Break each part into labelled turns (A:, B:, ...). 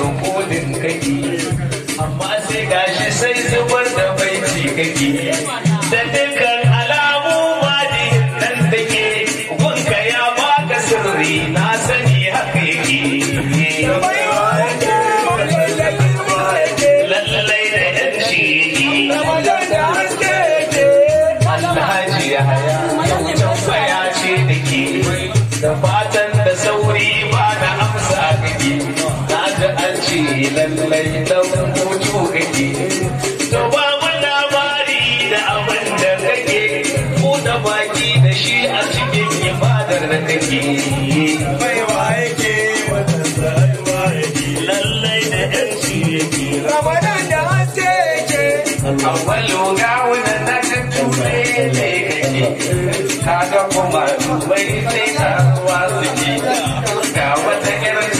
A: irin kodin amma sai gashi sai zubar da baiti kaki da dukkan alamu mali nan take gunka ya baka sirri na sani haka yake Yeah. ce lallai dan mutu kake to ba mu labari da abin da kake ko da baki da shi a cikin ibadar da kake baiwa da yanci yake ramadan da haske yake awwalu gawuna na kaga kuma dubai sai ta ruwa suke ga wata irin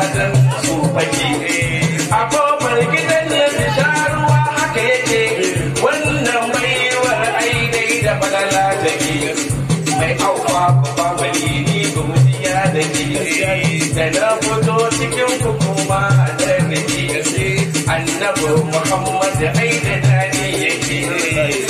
A: madan tsofaki a kofar gidan ya fi sharuwa haka yake wannan baiwar aidai da falala da ke mai auwa kuma wani ni da ke da na fito cikin hukuma da ke. annabi muhammad aidai da ne yake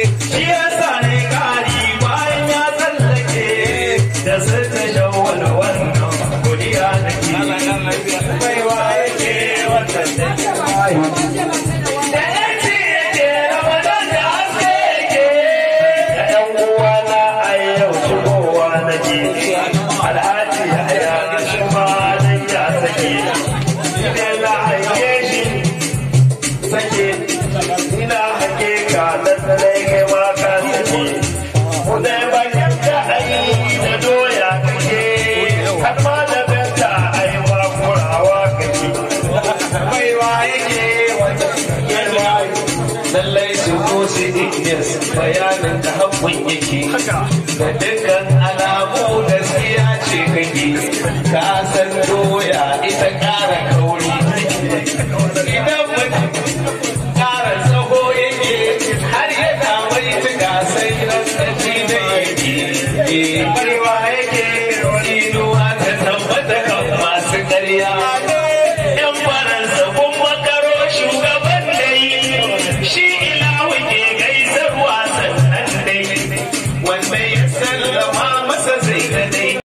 A: sake ina hake ka da tsanai kai ma ka sake kudai ai da doya kake har ma da benta ai ma kurawa kake baiwa yake wanda yana lallai su ko su igiyar bayanin da haƙƙun yake da dukkan alamu gaskiya ce kake ka san doya ita ƙara kauri Hare